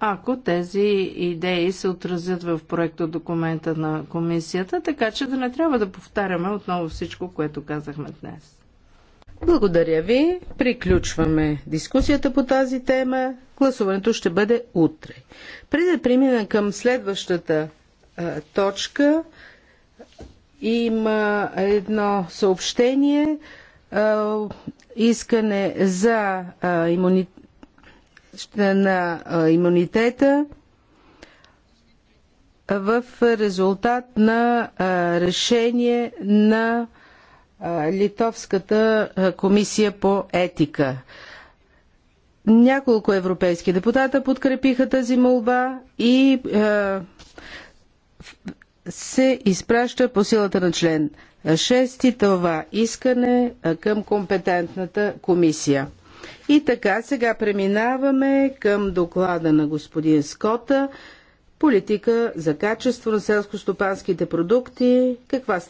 ако тези идеи се отразят в проекта документа на комисията, така че да не трябва да повтаряме отново всичко, което казахме днес. Благодаря ви. Приключваме дискусията по тази тема. Гласуването ще бъде утре. Преди да преминем към следващата а, точка, има едно съобщение. А, искане за а, имуни пътища на имунитета в резултат на решение на Литовската комисия по етика. Няколко европейски депутата подкрепиха тази молба и се изпраща по силата на член 6 това искане към компетентната комисия. И така, сега преминаваме към доклада на господин Скота. Политика за качество на селско-стопанските продукти, каква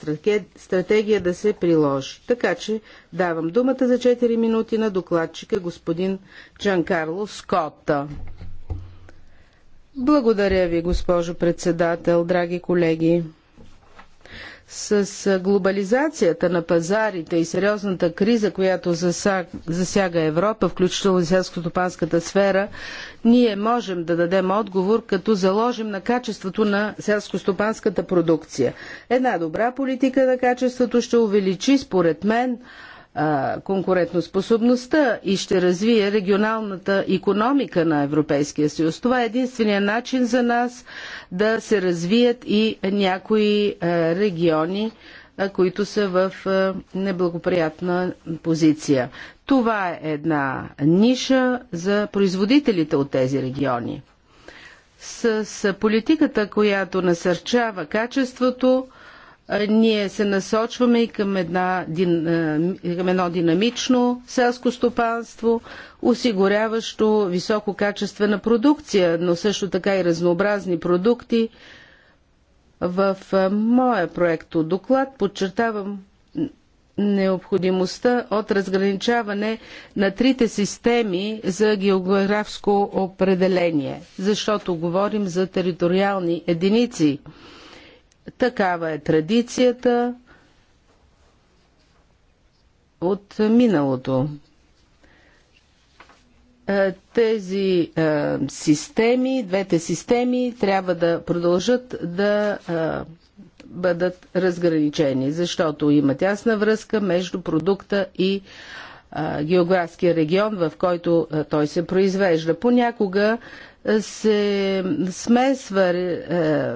стратегия да се приложи. Така че давам думата за 4 минути на докладчика господин Джанкарло Скота. Благодаря ви, госпожо председател, драги колеги. С глобализацията на пазарите и сериозната криза, която засяга Европа, включително и селско-стопанската сфера, ние можем да дадем отговор, като заложим на качеството на селско-стопанската продукция. Една добра политика на качеството ще увеличи, според мен, конкурентоспособността и ще развие регионалната економика на Европейския съюз. Това е единствения начин за нас да се развият и някои региони, които са в неблагоприятна позиция. Това е една ниша за производителите от тези региони. С политиката, която насърчава качеството, ние се насочваме и към, една, към едно динамично селско стопанство, осигуряващо високо на продукция, но също така и разнообразни продукти. В моя проект от доклад подчертавам необходимостта от разграничаване на трите системи за географско определение, защото говорим за териториални единици – Такава е традицията от миналото. Е, тези е, системи, двете системи трябва да продължат да е, бъдат разграничени, защото има тясна връзка между продукта и географския регион, в който той се произвежда. Понякога се смесва е,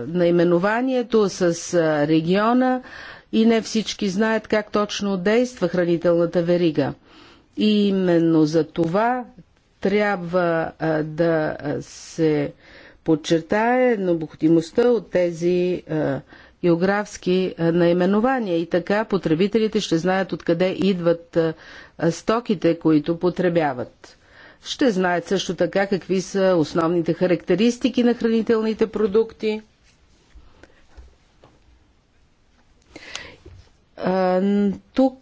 наименованието с е, региона и не всички знаят как точно действа хранителната верига. И именно за това трябва е, да се подчертае необходимостта от тези географски наименования и така потребителите ще знаят откъде идват стоките, които потребяват. Ще знаят също така какви са основните характеристики на хранителните продукти. Тук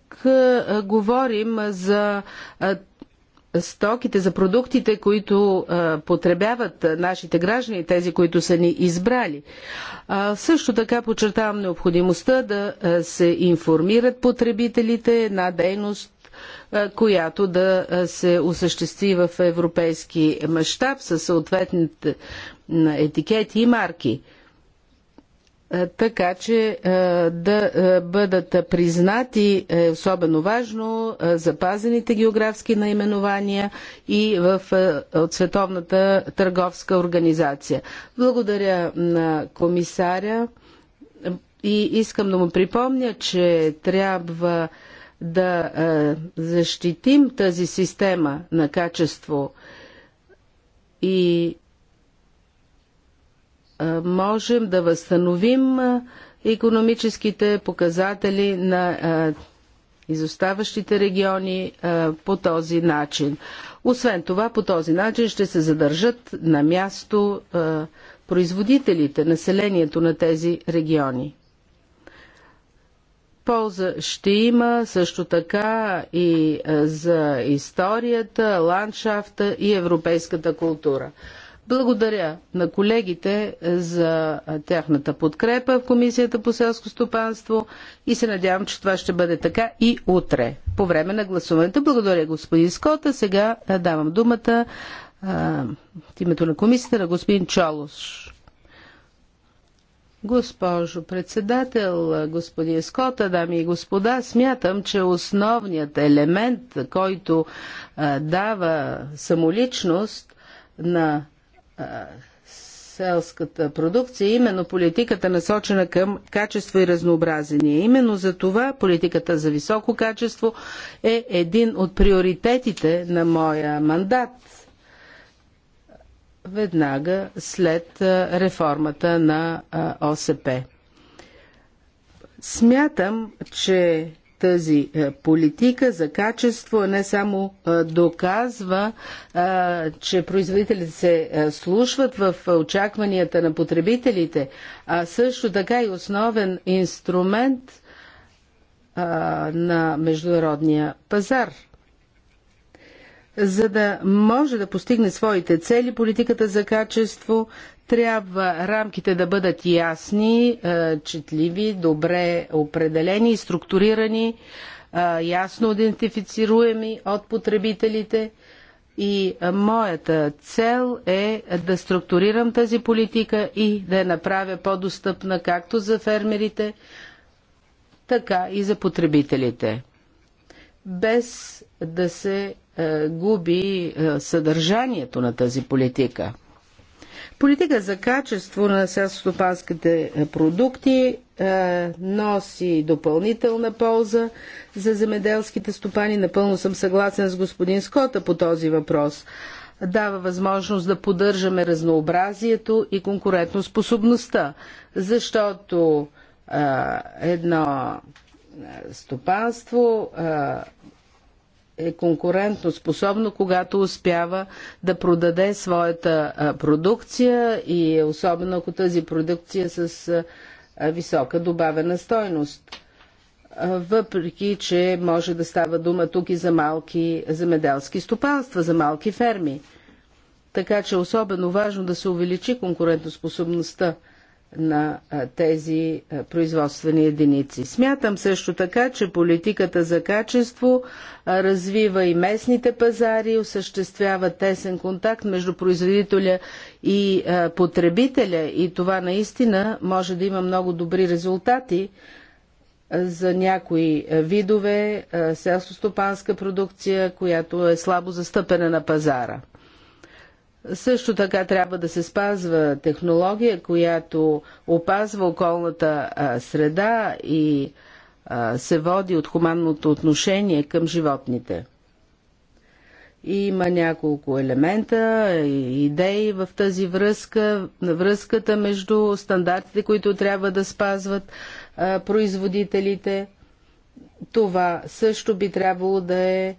говорим за стоките, за продуктите, които потребяват нашите граждани, тези, които са ни избрали. Също така подчертавам необходимостта да се информират потребителите, на дейност, която да се осъществи в европейски мащаб със съответните етикети и марки. Така че да бъдат признати е особено важно запазените географски наименования и в, от Световната търговска организация. Благодаря на комисаря и искам да му припомня, че трябва да е, защитим тази система на качество и е, можем да възстановим економическите показатели на е, изоставащите региони по този начин. Освен това, по този начин ще се задържат на място производителите, населението на тези региони. Полза ще има също така и е, за историята, ландшафта и европейската култура. Благодаря на колегите е, за е, тяхната подкрепа в Комисията по селско стопанство и се надявам, че това ще бъде така и утре по време на гласуването. Благодаря господин Скота. Сега давам думата а, в името на комисията на господин Чолош. Госпожо председател, господин Скота, дами и господа, смятам, че основният елемент, който а, дава самоличност на а, селската продукция, е именно политиката насочена към качество и разнообразение. Именно за това политиката за високо качество е един от приоритетите на моя мандат веднага след реформата на ОСП. Смятам, че тази политика за качество не само доказва, че производителите се слушват в очакванията на потребителите, а също така и основен инструмент на международния пазар – за да може да постигне своите цели, политиката за качество трябва рамките да бъдат ясни, е, четливи, добре определени и структурирани, е, ясно идентифицируеми от потребителите. И е, моята цел е да структурирам тази политика и да я направя по-достъпна както за фермерите, така и за потребителите, без да се е, губи е, съдържанието на тази политика. Политика за качество на селскостопанските е, продукти носи допълнителна полза за земеделските стопани. Напълно съм съгласен с господин Скота по този въпрос. Дава възможност да поддържаме разнообразието и конкурентоспособността, защото едно стопанство е конкурентно способно, когато успява да продаде своята продукция и е особено ако тази продукция е с висока добавена стойност. Въпреки, че може да става дума тук и за малки земеделски стопанства, за малки ферми. Така че особено важно да се увеличи конкурентоспособността на тези производствени единици. Смятам също така, че политиката за качество развива и местните пазари, осъществява тесен контакт между производителя и потребителя и това наистина може да има много добри резултати за някои видове селско-стопанска продукция, която е слабо застъпена на пазара. Също така трябва да се спазва технология, която опазва околната среда и се води от хуманното отношение към животните. Има няколко елемента и идеи в тази връзка, връзката между стандартите, които трябва да спазват производителите. Това също би трябвало да е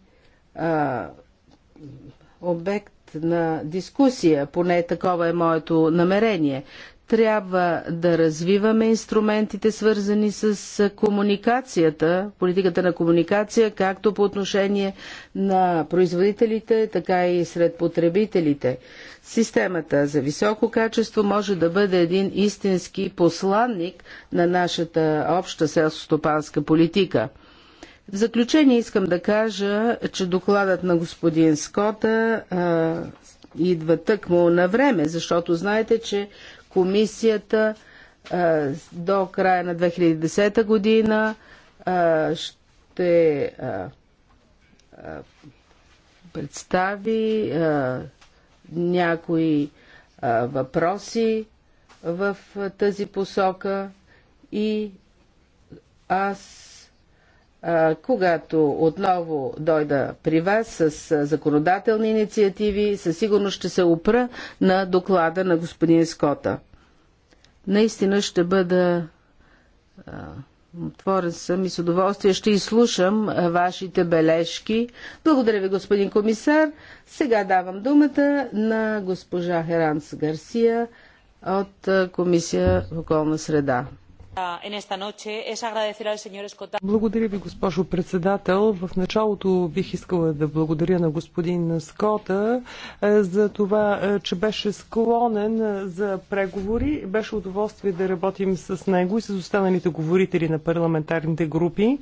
обект на дискусия, поне такова е моето намерение. Трябва да развиваме инструментите, свързани с комуникацията, политиката на комуникация, както по отношение на производителите, така и сред потребителите. Системата за високо качество може да бъде един истински посланник на нашата обща селско-стопанска политика – в заключение искам да кажа, че докладът на господин Скота а, идва тъкмо на време, защото знаете, че комисията а, до края на 2010 година а, ще а, а, представи а, някои а, въпроси в а, тази посока и аз когато отново дойда при вас с законодателни инициативи, със сигурност ще се опра на доклада на господин Скота. Наистина ще бъда отворен съм и с удоволствие ще изслушам вашите бележки. Благодаря ви, господин комисар. Сега давам думата на госпожа Херанс Гарсия от Комисия в околна среда. Благодаря ви, госпожо председател. В началото бих искала да благодаря на господин Скота за това, че беше склонен за преговори. Беше удоволствие да работим с него и с останалите говорители на парламентарните групи.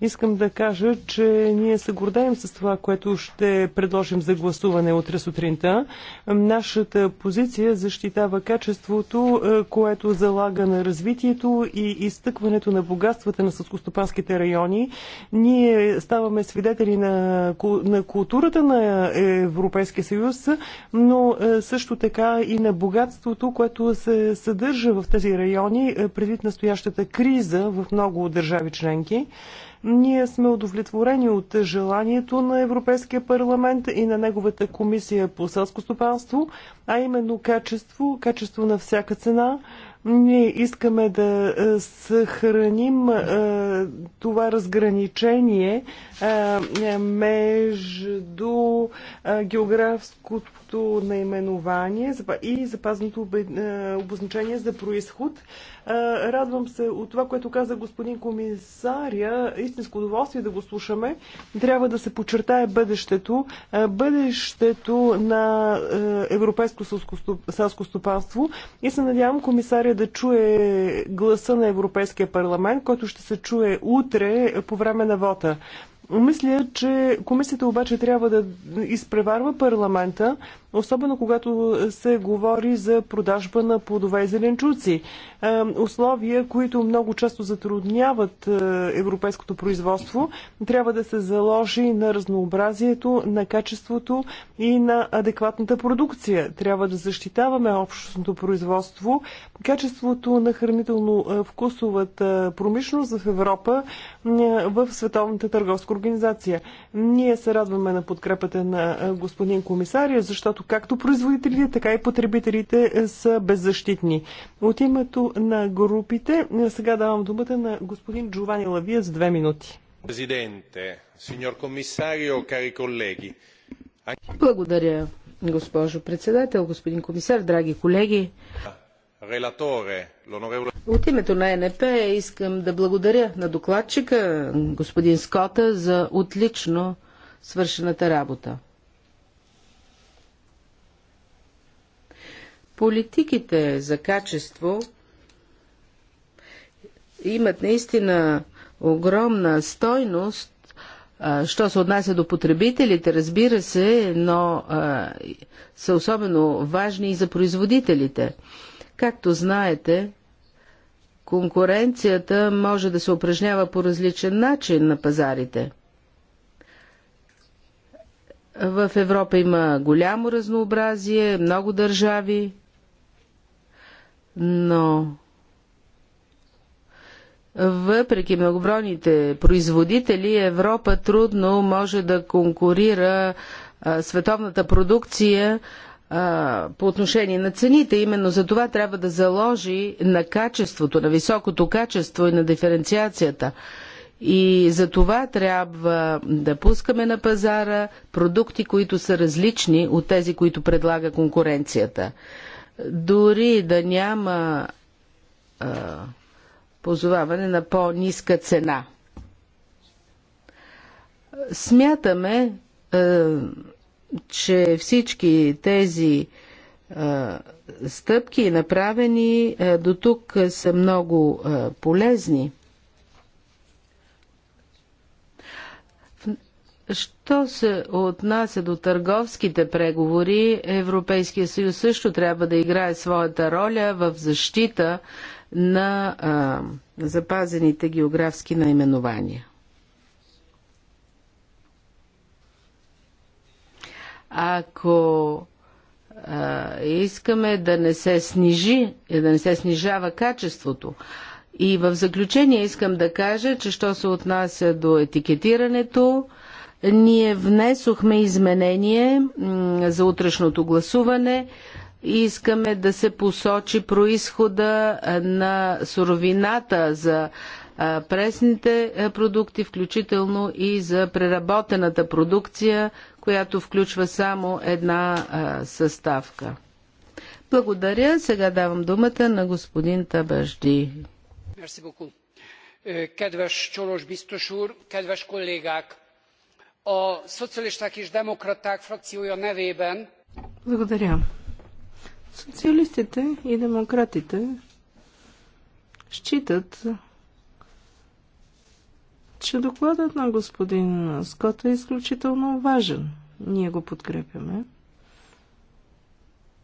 Искам да кажа, че ние се гордеем с това, което ще предложим за гласуване утре сутринта. Нашата позиция защитава качеството, е, което залага на развитието и изтъкването на богатствата на съскостопанските райони. Ние ставаме свидетели на, на културата на Европейския съюз, но е, също така и на богатството, което се съдържа в тези райони е, предвид настоящата криза в много държави членки. Ние сме удовлетворени от желанието на Европейския парламент и на неговата комисия по селско стопанство, а именно качество, качество на всяка цена. Ние искаме да е, съхраним е, това разграничение е, между географското общото наименование и запазното е, обозначение за происход. Е, радвам се от това, което каза господин комисаря. Истинско удоволствие да го слушаме. Трябва да се подчертае бъдещето. Е, бъдещето на европейско селско стопанство. И се надявам комисаря да чуе гласа на Европейския парламент, който ще се чуе утре по време на вота. Мисля, че комисията обаче трябва да изпреварва парламента, особено когато се говори за продажба на плодове и зеленчуци. Е, условия, които много често затрудняват е, европейското производство, трябва да се заложи на разнообразието, на качеството и на адекватната продукция. Трябва да защитаваме общностното производство, качеството на хранително-вкусовата промишленост в Европа е, в Световната търговска организация. Ние се радваме на подкрепата на господин комисария, защото както производителите, така и потребителите е, са беззащитни. От името на групите е, сега давам думата на господин Джовани Лавия с две минути. Президенте, сеньор комисарио, кари колеги. Благодаря, госпожо председател, господин комисар, драги колеги. От името на НП искам да благодаря на докладчика, господин Скота, за отлично свършената работа. Политиките за качество имат наистина огромна стойност, що се отнася до потребителите, разбира се, но а, са особено важни и за производителите. Както знаете, конкуренцията може да се упражнява по различен начин на пазарите. В Европа има голямо разнообразие, много държави, но въпреки многобройните производители, Европа трудно може да конкурира а, световната продукция а, по отношение на цените. Именно за това трябва да заложи на качеството, на високото качество и на диференциацията. И за това трябва да пускаме на пазара продукти, които са различни от тези, които предлага конкуренцията. Дори да няма а, позоваване на по-ниска цена. Смятаме, а, че всички тези а, стъпки, направени до тук, са много полезни. Що се отнася до търговските преговори, Европейския съюз също трябва да играе своята роля в защита на а, запазените географски наименования. Ако а, искаме да не се снижи, да не се снижава качеството, и в заключение искам да кажа, че що се отнася до етикетирането, ние внесохме изменение за утрешното гласуване. и Искаме да се посочи происхода на суровината за пресните продукти, включително и за преработената продукция, която включва само една съставка. Благодаря. Сега давам думата на господин Табажди. Kedves Csolos biztos úr, kedves kollégák! szocialisták és demokraták frakciója nevében. Благодаря. Социалистите и демократите считат, че докладът на господин Скот е изключително важен. Ние го подкрепяме.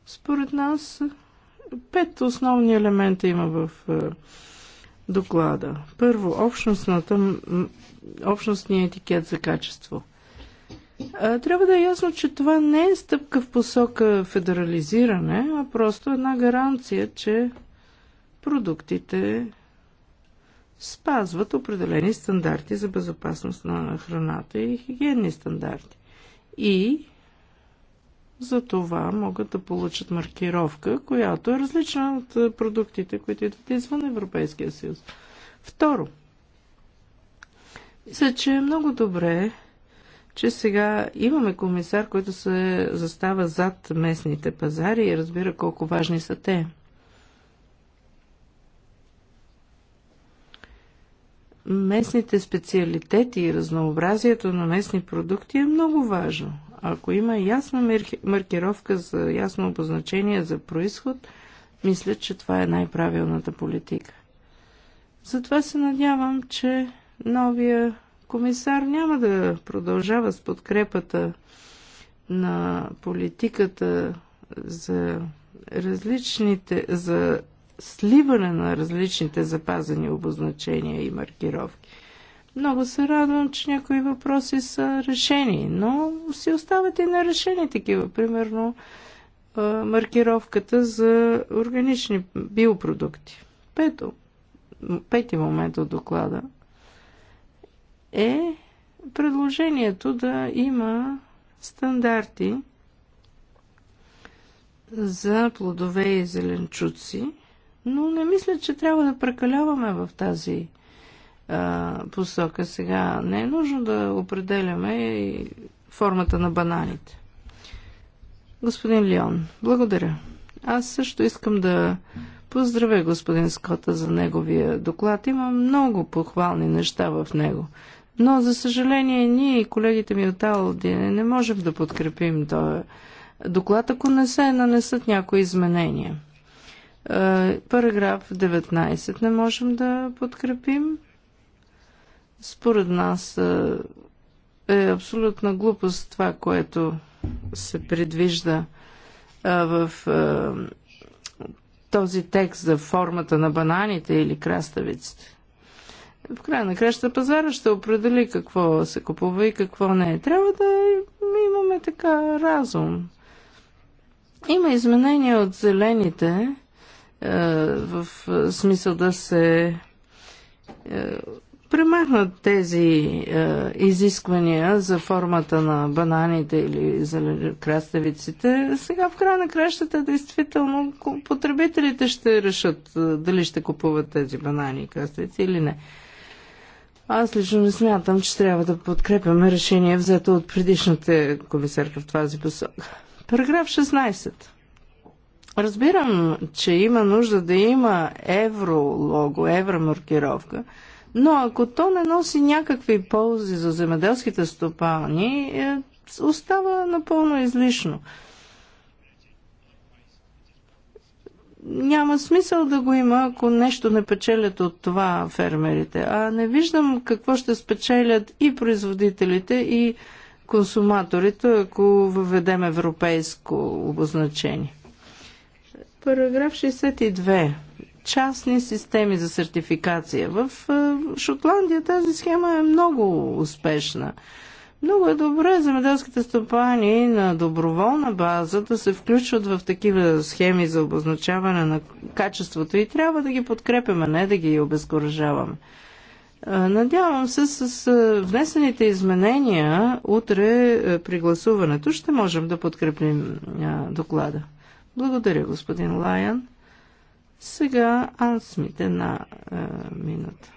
Според нас пет основни елемента има в е, доклада. Първо, общностният общностния етикет за качество – трябва да е ясно, че това не е стъпка в посока федерализиране, а просто една гаранция, че продуктите спазват определени стандарти за безопасност на храната и хигиенни стандарти. И за това могат да получат маркировка, която е различна от продуктите, които идват извън Европейския съюз. Второ, мисля, че е много добре че сега имаме комисар, който се застава зад местните пазари и разбира колко важни са те. Местните специалитети и разнообразието на местни продукти е много важно. Ако има ясна маркировка за ясно обозначение за происход, мисля, че това е най-правилната политика. Затова се надявам, че новия комисар няма да продължава с подкрепата на политиката за различните, за сливане на различните запазени обозначения и маркировки. Много се радвам, че някои въпроси са решени, но си остават и нерешени такива. Примерно маркировката за органични биопродукти. Пето, пети момент от доклада – е предложението да има стандарти за плодове и зеленчуци, но не мисля, че трябва да прекаляваме в тази а, посока сега. Не е нужно да определяме и формата на бананите. Господин Леон, благодаря. Аз също искам да поздравя господин Скота за неговия доклад. Има много похвални неща в него. Но, за съжаление, ние и колегите ми от Алди не можем да подкрепим този доклад, ако не се нанесат някои изменения. Е, параграф 19 не можем да подкрепим. Според нас е, е абсолютна глупост това, което се предвижда е, в този текст за формата на бананите или краставиците в края на краща пазара ще определи какво се купува и какво не е. Трябва да имаме така разум. Има изменения от зелените е, в смисъл да се е, премахнат тези е, изисквания за формата на бананите или за краставиците. Сега в края на кращата действително потребителите ще решат дали ще купуват тези банани и краставици или не. Аз лично не смятам, че трябва да подкрепяме решение взето от предишната комисарка в тази посока. Параграф 16. Разбирам, че има нужда да има евролого, евромаркировка, но ако то не носи някакви ползи за земеделските стопани, е, остава напълно излишно. няма смисъл да го има, ако нещо не печелят от това фермерите. А не виждам какво ще спечелят и производителите, и консуматорите, ако въведем европейско обозначение. Параграф 62. Частни системи за сертификация. В е, Шотландия тази схема е много успешна. Много е добре земеделските стопани на доброволна база да се включват в такива схеми за обозначаване на качеството и трябва да ги подкрепяме, не да ги обезкуражаваме. Надявам се с внесените изменения утре при гласуването ще можем да подкрепим доклада. Благодаря, господин Лаян. Сега Ансмите на е, минута.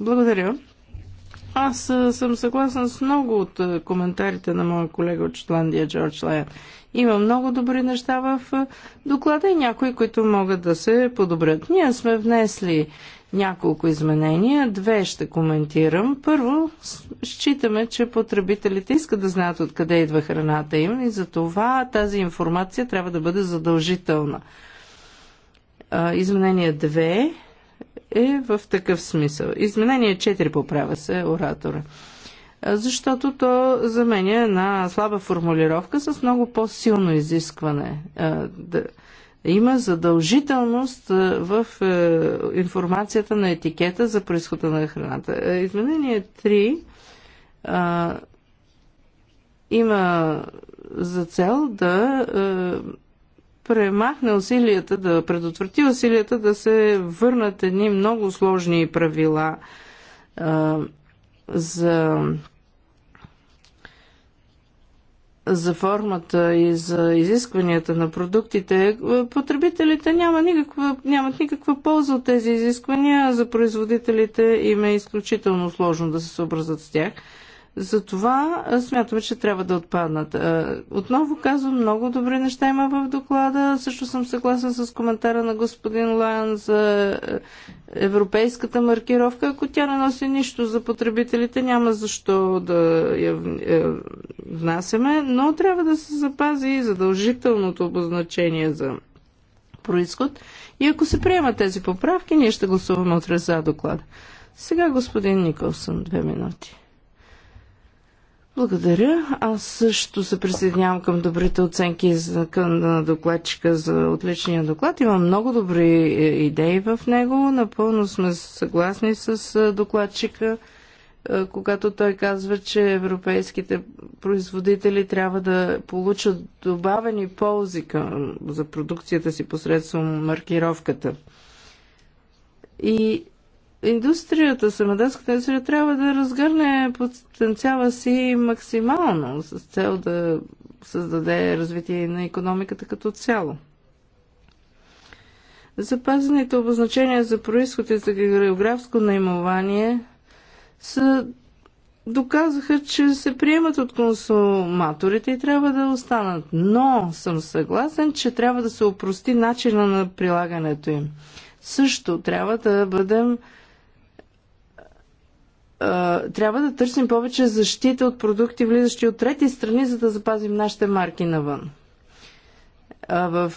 Благодаря. Аз съм съгласен с много от коментарите на моя колега от Шотландия Джордж Лайан. Има много добри неща в доклада и някои, които могат да се подобрят. Ние сме внесли няколко изменения. Две ще коментирам. Първо, считаме, че потребителите искат да знаят откъде идва храната им и за това тази информация трябва да бъде задължителна. Изменение две е в такъв смисъл. Изменение 4 поправя се оратора. Защото то заменя една слаба формулировка с много по-силно изискване. Да има задължителност в е, информацията на етикета за происхода на храната. Е, изменение 3 има за цел да е, премахне усилията, да предотврати усилията да се върнат едни много сложни правила а, за за формата и за изискванията на продуктите, потребителите няма никаква, нямат никаква полза от тези изисквания, за производителите им е изключително сложно да се съобразят с тях. Затова смятаме, че трябва да отпаднат. Отново казвам, много добри неща има в доклада. Също съм съгласен с коментара на господин Лайан за европейската маркировка. Ако тя не носи нищо за потребителите, няма защо да я е, внасяме, но трябва да се запази и задължителното обозначение за происход. И ако се приемат тези поправки, ние ще гласуваме отрез за доклада. Сега господин Николсън, две минути. Благодаря. Аз също се присъединявам към добрите оценки за, към, на докладчика за отличния доклад. Има много добри е, идеи в него. Напълно сме съгласни с е, докладчика, е, когато той казва, че европейските производители трябва да получат добавени ползи към, за продукцията си посредством маркировката. И индустрията, самоделската индустрия трябва да разгърне потенциала си максимално с цел да създаде развитие на економиката като цяло. Запазените обозначения за происход и за географско наимование са доказаха, че се приемат от консуматорите и трябва да останат. Но съм съгласен, че трябва да се опрости начина на прилагането им. Също трябва да бъдем трябва да търсим повече защита от продукти, влизащи от трети страни, за да запазим нашите марки навън. в,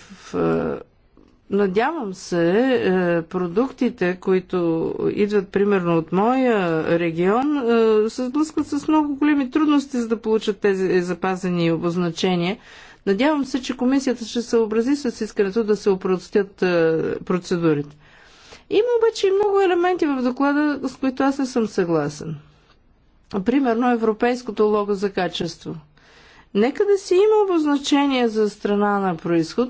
надявам се, е, продуктите, които идват примерно от моя регион, е, се сблъскват с много големи трудности, за да получат тези запазени обозначения. Надявам се, че комисията ще съобрази с искането да се опростят е, процедурите. Има обаче и много елементи в доклада, с които аз не съм съгласен. Примерно европейското лого за качество. Нека да си има обозначение за страна на происход.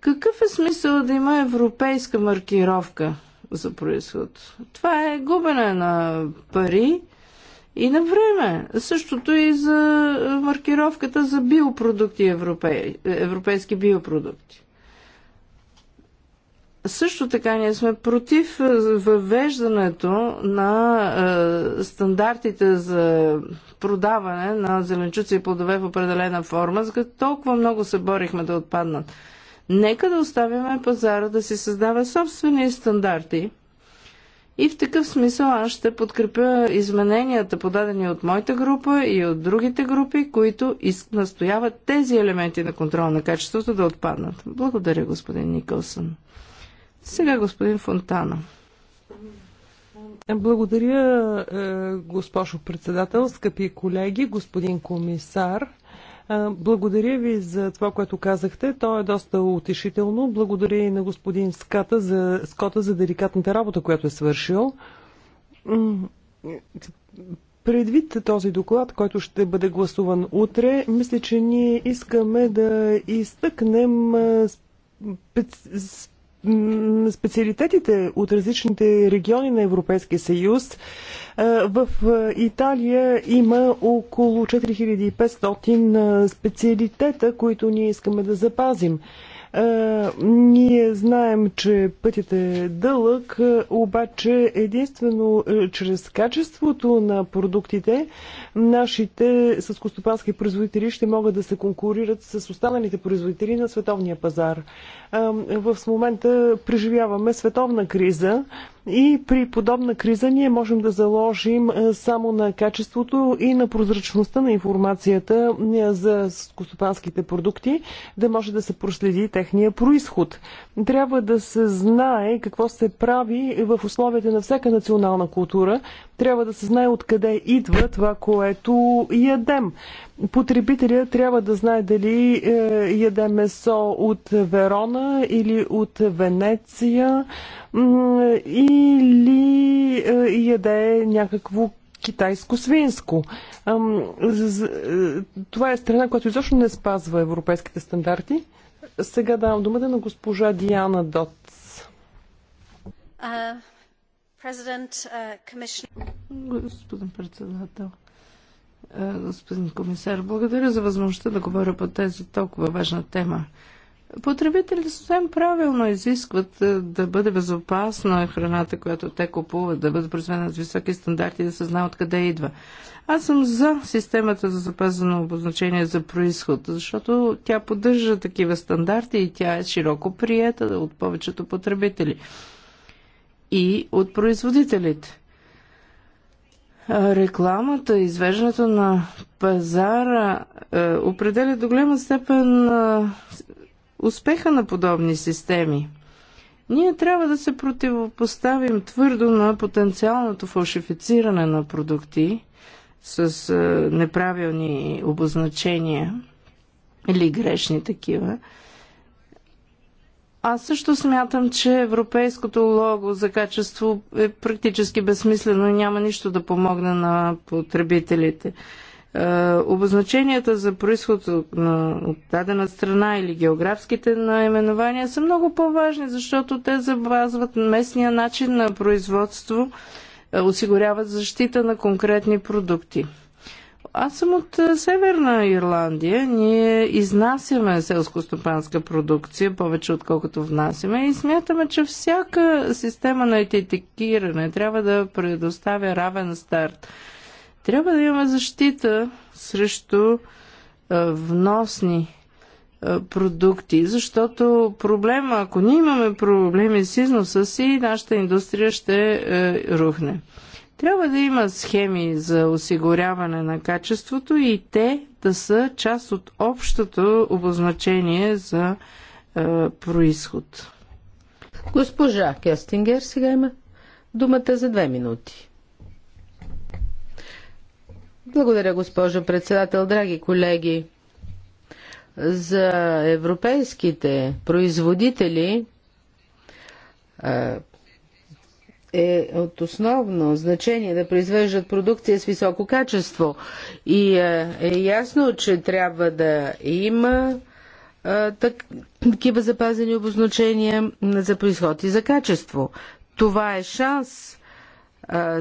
Какъв е смисъл да има европейска маркировка за происход? Това е губене на пари и на време. Същото и за маркировката за биопродукти, европей, европейски биопродукти. Също така ние сме против е, въвеждането на е, стандартите за продаване на зеленчуци и плодове в определена форма, за като толкова много се борихме да отпаднат. Нека да оставяме пазара да си създава собствени стандарти. И в такъв смисъл аз ще подкрепя измененията, подадени от моята група и от другите групи, които настояват тези елементи на контрол на качеството да отпаднат. Благодаря, господин Никълсън. Сега господин Фонтана. Благодаря, е, госпожо председател, скъпи колеги, господин комисар. Е, благодаря ви за това, което казахте. То е доста утешително. Благодаря и на господин Ската за, Скота за деликатната работа, която е свършил. Предвид този доклад, който ще бъде гласуван утре, мисля, че ние искаме да изтъкнем е, специ специалитетите от различните региони на Европейския съюз. В Италия има около 4500 специалитета, които ние искаме да запазим. Е, ние знаем, че пътят е дълъг, е, обаче единствено е, чрез качеството на продуктите нашите съскостопански производители ще могат да се конкурират с останалите производители на световния пазар. В момента преживяваме световна криза и при подобна криза ние можем да заложим е, само на качеството и на прозрачността на информацията е, за скостопанските продукти, да може да се проследи техния происход. Трябва да се знае какво се прави в условията на всяка национална култура. Трябва да се знае откъде идва това, което ядем потребителя трябва да знае дали е, яде месо от Верона или от Венеция или е, яде някакво китайско свинско. Е, това е страна, която изобщо не спазва европейските стандарти. Сега давам думата на госпожа Диана Дотс. Uh, uh, Господин председател, е, господин комисар. Благодаря за възможността да говоря по тази толкова важна тема. Потребителите съвсем правилно изискват е, да бъде безопасна храната, която те купуват, да бъде произведена с високи стандарти и да се знае откъде идва. Аз съм за системата за запазено обозначение за происход, защото тя поддържа такива стандарти и тя е широко приета от повечето потребители и от производителите рекламата, извеждането на пазара е, определя до голяма степен е, успеха на подобни системи. Ние трябва да се противопоставим твърдо на потенциалното фалшифициране на продукти с е, неправилни обозначения или грешни такива. Аз също смятам, че европейското лого за качество е практически безсмислено и няма нищо да помогне на потребителите. Е, обозначенията за происход на от дадена страна или географските наименования са много по-важни, защото те забазват местния начин на производство, е, осигуряват защита на конкретни продукти. Аз съм от е, Северна Ирландия. Ние изнасяме селско-стопанска продукция повече отколкото внасяме и смятаме, че всяка система на етикиране трябва да предоставя равен старт. Трябва да имаме защита срещу е, вносни е, продукти, защото проблема, ако ние имаме проблеми с износа си, нашата индустрия ще рухне. Трябва да има схеми за осигуряване на качеството и те да са част от общото обозначение за е, происход. Госпожа Кестингер сега има думата за две минути. Благодаря, госпожо председател, драги колеги. За европейските производители е, е от основно значение да произвеждат продукция с високо качество. И е, е ясно, че трябва да има е, такива запазени обозначения за происход и за качество. Това е шанс е,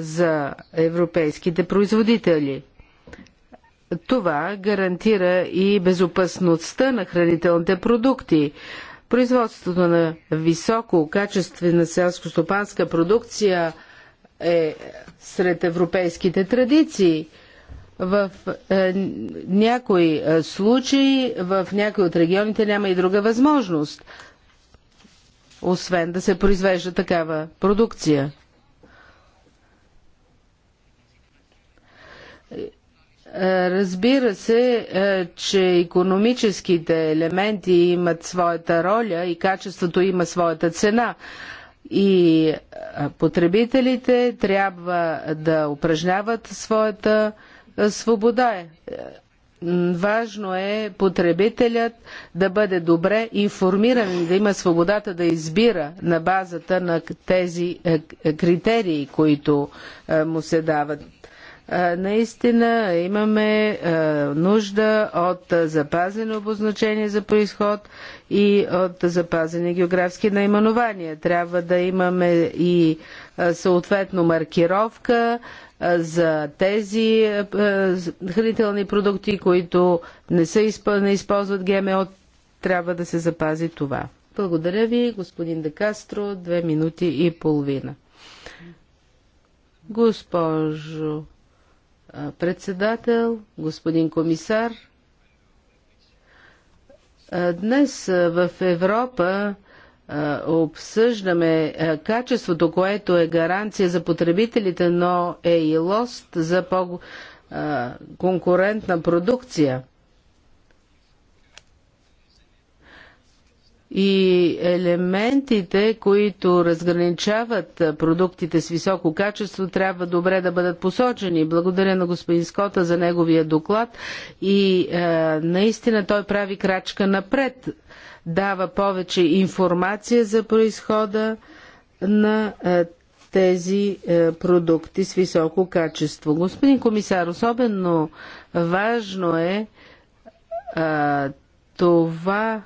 за европейските производители. Това гарантира и безопасността на хранителните продукти. Производството на високо качествена селско-стопанска продукция е сред европейските традиции. В е, някои е, случаи, в някои от регионите няма и друга възможност, освен да се произвежда такава продукция. Е, разбира се, е, че економическите елементи имат своята роля и качеството има своята цена. И е, потребителите трябва да упражняват своята свобода. Важно е потребителят да бъде добре информиран и да има свободата да избира на базата на тези критерии, които му се дават Наистина имаме нужда от запазено обозначение за происход и от запазени географски наименования. Трябва да имаме и съответно маркировка за тези хранителни продукти, които не, са, не използват ГМО. Трябва да се запази това. Благодаря ви, господин Декастро. Две минути и половина. Госпожо председател, господин комисар. Днес в Европа обсъждаме качеството, което е гаранция за потребителите, но е и лост за по-конкурентна продукция. и елементите, които разграничават продуктите с високо качество, трябва добре да бъдат посочени. Благодаря на господин Скота за неговия доклад и е, наистина той прави крачка напред, дава повече информация за происхода на е, тези е, продукти с високо качество. Господин комисар, особено важно е, е това,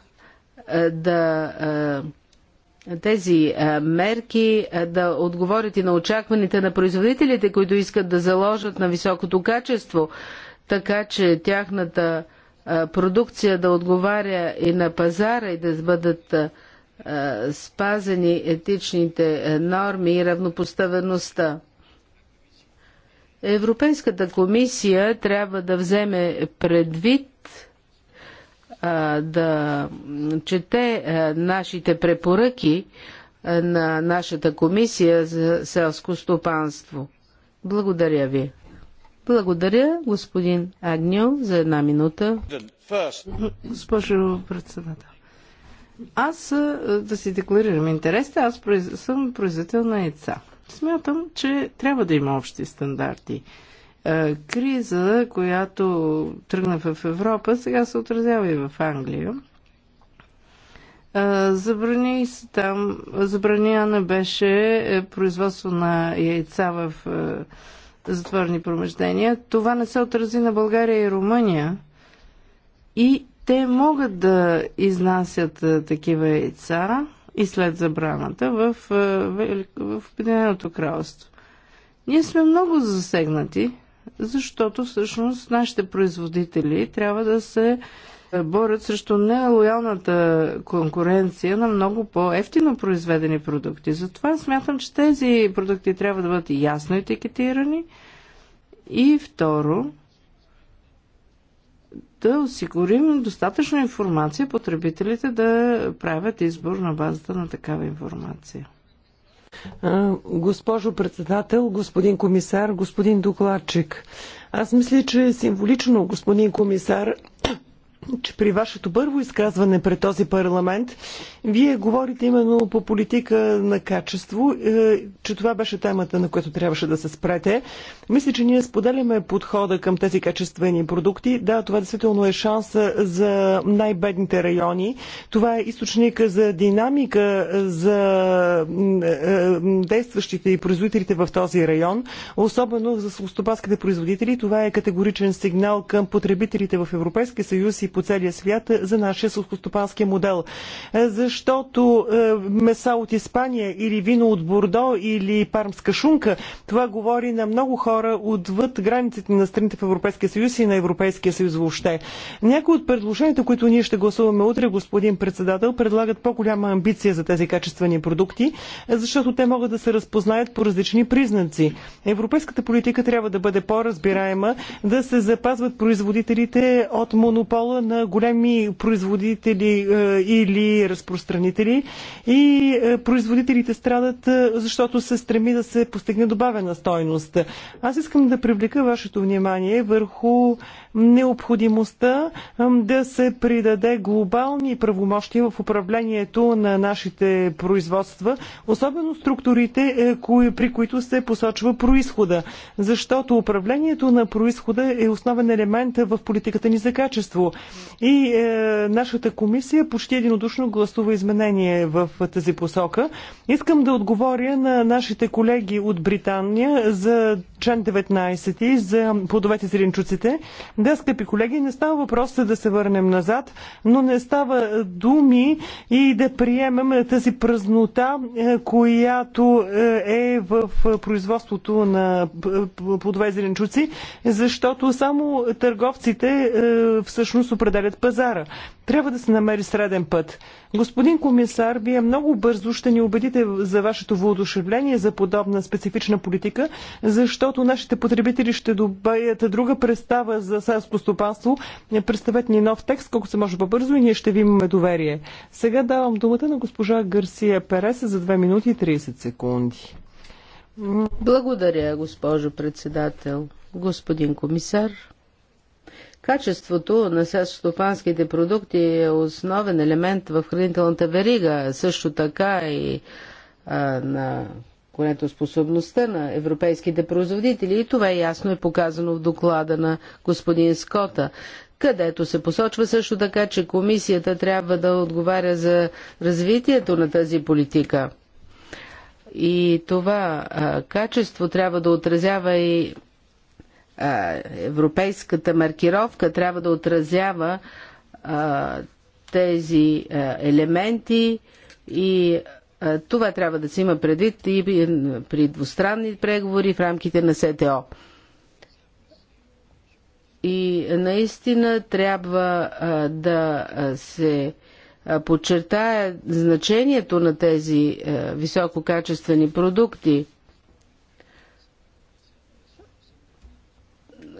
е, да е, тези е, мерки да отговорят и на очакваните на производителите, които искат да заложат на високото качество, така че тяхната продукция да отговаря и на пазара и да бъдат спазени етичните норми и равнопоставеността. Европейската комисия трябва да вземе предвид да чете нашите препоръки на нашата комисия за селско стопанство. Благодаря ви. Благодаря, господин Агньо, за една минута. Госпожо председател, аз да си декларирам интересите, аз съм производител на яйца. Смятам, че трябва да има общи стандарти. Е, криза, която тръгна в Европа, сега се отразява и в Англия. Е, забрани се там, забраняна беше е, производство на яйца в затворни промеждения. Това не се отрази на България и Румъния. И те могат да изнасят такива яйца и след забраната в, в, в Обединеното кралство. Ние сме много засегнати защото всъщност нашите производители трябва да се борят срещу нелоялната конкуренция на много по-ефтино произведени продукти. Затова смятам, че тези продукти трябва да бъдат ясно етикетирани и второ да осигурим достатъчно информация потребителите да правят избор на базата на такава информация. Госпожо председател, господин комисар, господин докладчик. Аз мисля, че символично, господин комисар, че при вашето първо изказване пред този парламент, вие говорите именно по политика на качество, е, че това беше темата, на която трябваше да се спрете. Мисля, че ние споделяме подхода към тези качествени продукти. Да, това действително е шанса за най-бедните райони. Това е източника за динамика за е, е, действащите и производителите в този район. Особено за стопанските производители това е категоричен сигнал към потребителите в Европейския съюз и по целия свят за нашия сухостопански модел. Е, защото е, меса от Испания или вино от Бордо или пармска шунка, това говори на много хора отвъд границите на страните в Европейския съюз и на Европейския съюз въобще. Някои от предложенията, които ние ще гласуваме утре, господин председател, предлагат по-голяма амбиция за тези качествени продукти, е, защото те могат да се разпознаят по различни признаци. Европейската политика трябва да бъде по-разбираема, да се запазват производителите от монопола на големи производители е, или разпространители и е, производителите страдат, е, защото се стреми да се постигне добавена стойност. Аз искам да привлека вашето внимание върху необходимостта да се придаде глобални правомощия в управлението на нашите производства, особено структурите, е, при които се посочва происхода, защото управлението на происхода е основен елемент в политиката ни за качество. И е, нашата комисия почти единодушно гласува изменение в тази посока. Искам да отговоря на нашите колеги от Британия за член 19 за плодовете зеленчуците. Да, скъпи колеги, не става въпрос да се върнем назад, но не става думи и да приемем тази празнота, е, която е, е в производството на е, плодове зеленчуци, защото само търговците всъщност определят пазара. Трябва да се намери среден път. Господин комисар, вие много бързо ще ни убедите за вашето воодушевление за подобна специфична политика, защото нашите потребители ще добавят друга представа за селско стопанство. Представете ни нов текст, колко се може по-бързо и ние ще ви имаме доверие. Сега давам думата на госпожа Гарсия Перес за 2 минути и 30 секунди. Благодаря, госпожо председател. Господин комисар, Качеството на селскостопанските продукти е основен елемент в хранителната верига, също така и а, на конетоспособността на европейските производители. И това е ясно е показано в доклада на господин Скота, където се посочва също така, че комисията трябва да отговаря за развитието на тази политика. И това а, качество трябва да отразява и европейската маркировка трябва да отразява тези елементи и това трябва да се има предвид и при двустранни преговори в рамките на СТО. И наистина трябва да се подчертая значението на тези висококачествени продукти.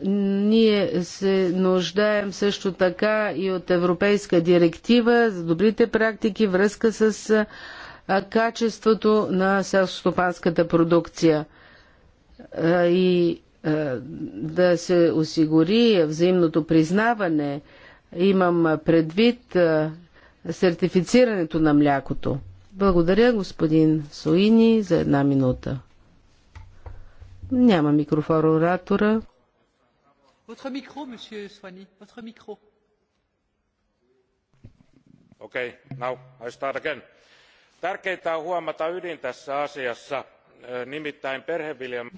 Ние се нуждаем също така и от Европейска директива за добрите практики, връзка с качеството на селскостопанската продукция и да се осигури взаимното признаване, имам предвид сертифицирането на млякото. Благодаря, господин Соини, за една минута. Няма микрофон оратора. Votre Tärkeintä on huomata ydin tässä asiassa, nimittäin perheviljelmä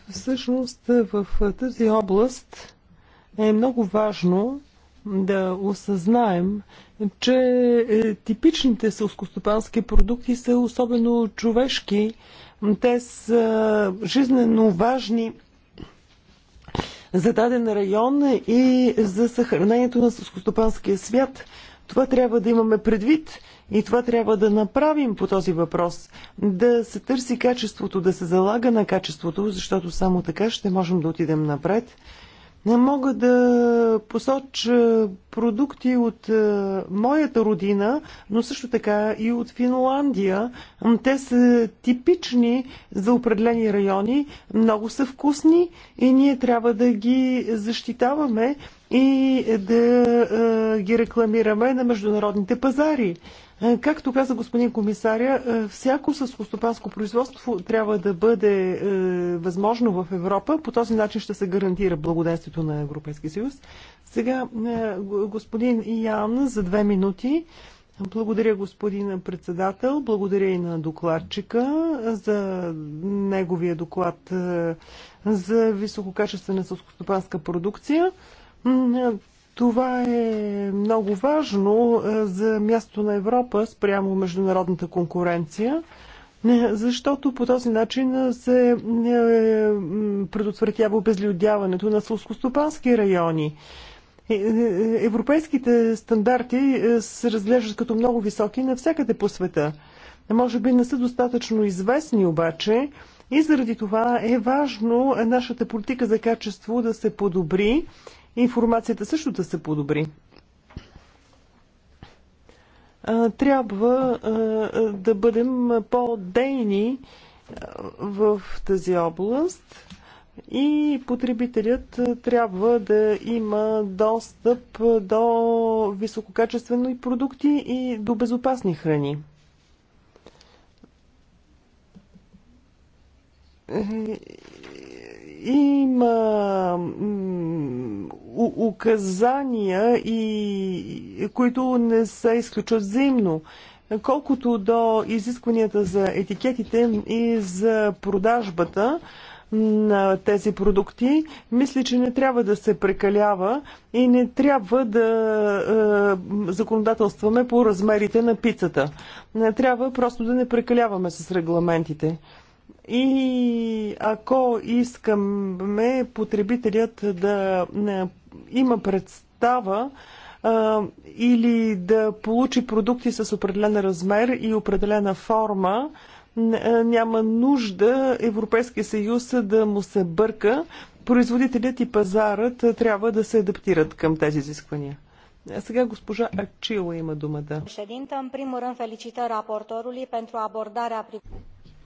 за даден район и за съхранението на сълскостопанския свят. Това трябва да имаме предвид и това трябва да направим по този въпрос. Да се търси качеството, да се залага на качеството, защото само така ще можем да отидем напред. Не Мога да посоча продукти от е, моята родина, но също така и от Финландия. Те са типични за определени райони, много са вкусни и ние трябва да ги защитаваме и да е, ги рекламираме на международните пазари. Е, както каза господин комисаря, е, всяко съскостопанско производство трябва да бъде е, възможно в Европа. По този начин ще се гарантира благоденствието на Европейския съюз. Сега господин Ян за две минути. Благодаря господин председател, благодаря и на докладчика за неговия доклад за висококачествена съскостопанска продукция. Това е много важно е, за мястото на Европа спрямо международната конкуренция, е, защото по този начин се е, предотвратява обезлюдяването на сълскостопански райони. Европейските стандарти се разглеждат като много високи навсякъде по света. Може би не са достатъчно известни обаче и заради това е важно нашата политика за качество да се подобри информацията също да се подобри. Трябва да бъдем по-дейни в тази област и потребителят трябва да има достъп до висококачествени продукти и до безопасни храни има указания, и, които не се изключват взаимно. Колкото до изискванията за етикетите и за продажбата на тези продукти, мисля, че не трябва да се прекалява и не трябва да е, законодателстваме по размерите на пицата. Не трябва просто да не прекаляваме с регламентите. И ако искаме потребителят да е, има представа е, или да получи продукти с определен размер и определена форма, е, няма нужда Европейския съюз да му се бърка. Производителят и пазарът трябва да се адаптират към тези изисквания. А сега госпожа Ачила има думата. Președинtă, în primul rând felicitări raportorului pentru abordarea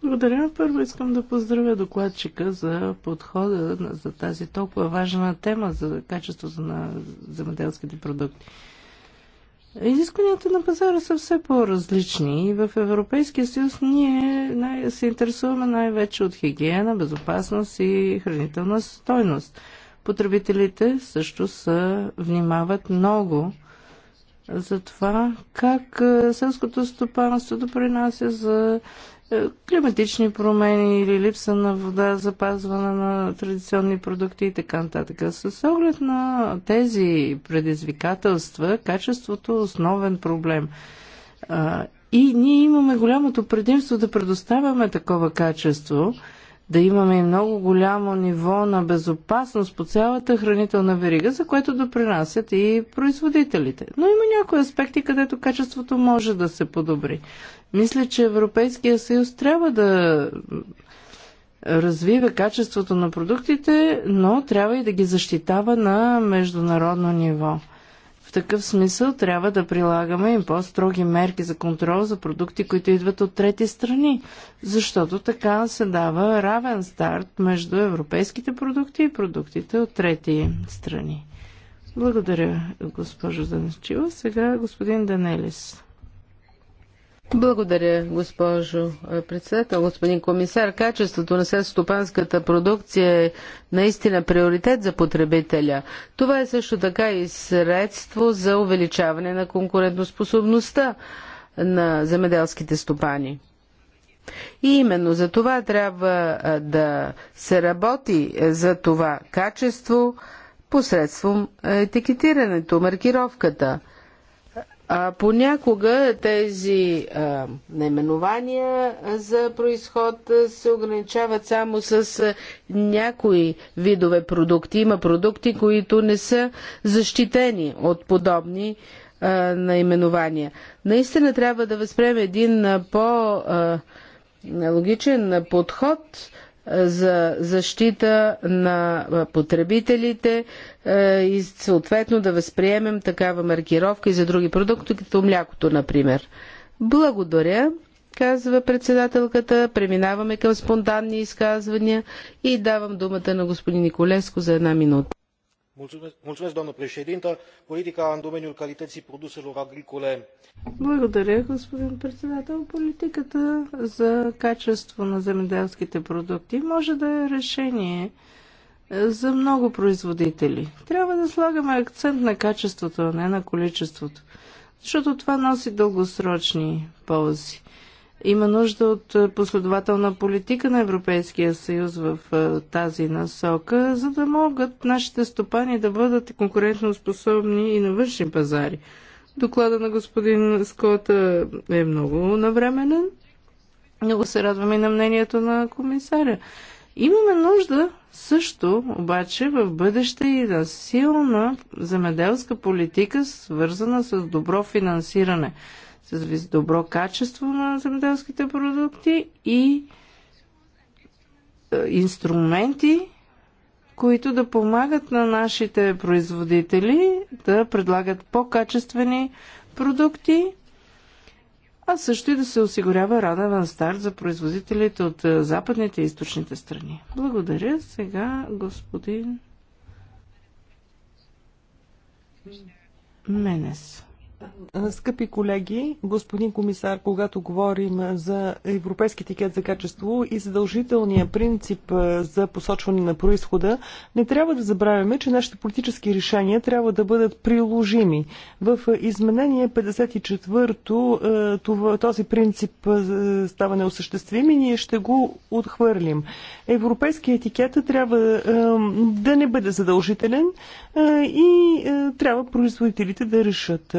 благодаря. Първо искам да поздравя докладчика за подхода за тази толкова важна тема за качеството на земеделските продукти. Изискванията на пазара са все по-различни и в Европейския съюз ние най- се интересуваме най-вече от хигиена, безопасност и хранителна стойност. Потребителите също са, внимават много за това как е, селското стопанство допринася за е, климатични промени или липса на вода, запазване на традиционни продукти и така нататък. С оглед на тези предизвикателства, качеството е основен проблем. И ние имаме голямото предимство да предоставяме такова качество – да имаме и много голямо ниво на безопасност по цялата хранителна верига, за което допринасят и производителите. Но има някои аспекти, където качеството може да се подобри. Мисля, че Европейския съюз трябва да развива качеството на продуктите, но трябва и да ги защитава на международно ниво. В такъв смисъл трябва да прилагаме и по-строги мерки за контрол за продукти, които идват от трети страни, защото така се дава равен старт между европейските продукти и продуктите от трети страни. Благодаря, госпожо Данчила. Сега господин Данелис. Благодаря, госпожо председател. Господин комисар, качеството на селскостопанската продукция е наистина приоритет за потребителя. Това е също така и средство за увеличаване на конкурентоспособността на земеделските стопани. И именно за това трябва да се работи за това качество посредством етикетирането, маркировката – а понякога тези а, наименования за происход се ограничават само с някои видове продукти. Има продукти, които не са защитени от подобни а, наименования. Наистина трябва да възприеме един по- логичен подход за защита на потребителите е, и съответно да възприемем такава маркировка и за други продукти, като млякото, например. Благодаря, казва председателката. Преминаваме към спонтанни изказвания и давам думата на господин Николеско за една минута. Политика в domeniul calității produselor agricole. Благодаря, господин председател. Политиката за качество на земеделските продукти може да е решение за много производители. Трябва да слагаме акцент на качеството, а не на количеството, защото това носи дългосрочни ползи. Има нужда от е, последователна политика на Европейския съюз в е, тази насока, за да могат нашите стопани да бъдат конкурентно способни и на външни пазари. Доклада на господин Скота е много навременен. Много се радваме и на мнението на комисаря. Имаме нужда също, обаче, в бъдеще и на силна земеделска политика, свързана с добро финансиране с добро качество на земеделските продукти и е, инструменти, които да помагат на нашите производители да предлагат по-качествени продукти, а също и да се осигурява радавен старт за производителите от е, западните и източните страни. Благодаря. Сега господин Менес. Скъпи колеги, господин комисар, когато говорим за европейски етикет за качество и задължителния принцип за посочване на происхода, не трябва да забравяме, че нашите политически решения трябва да бъдат приложими. В изменение 54-то този принцип става неосъществим и ние ще го отхвърлим. Европейски етикет трябва да не бъде задължителен и трябва производителите да решат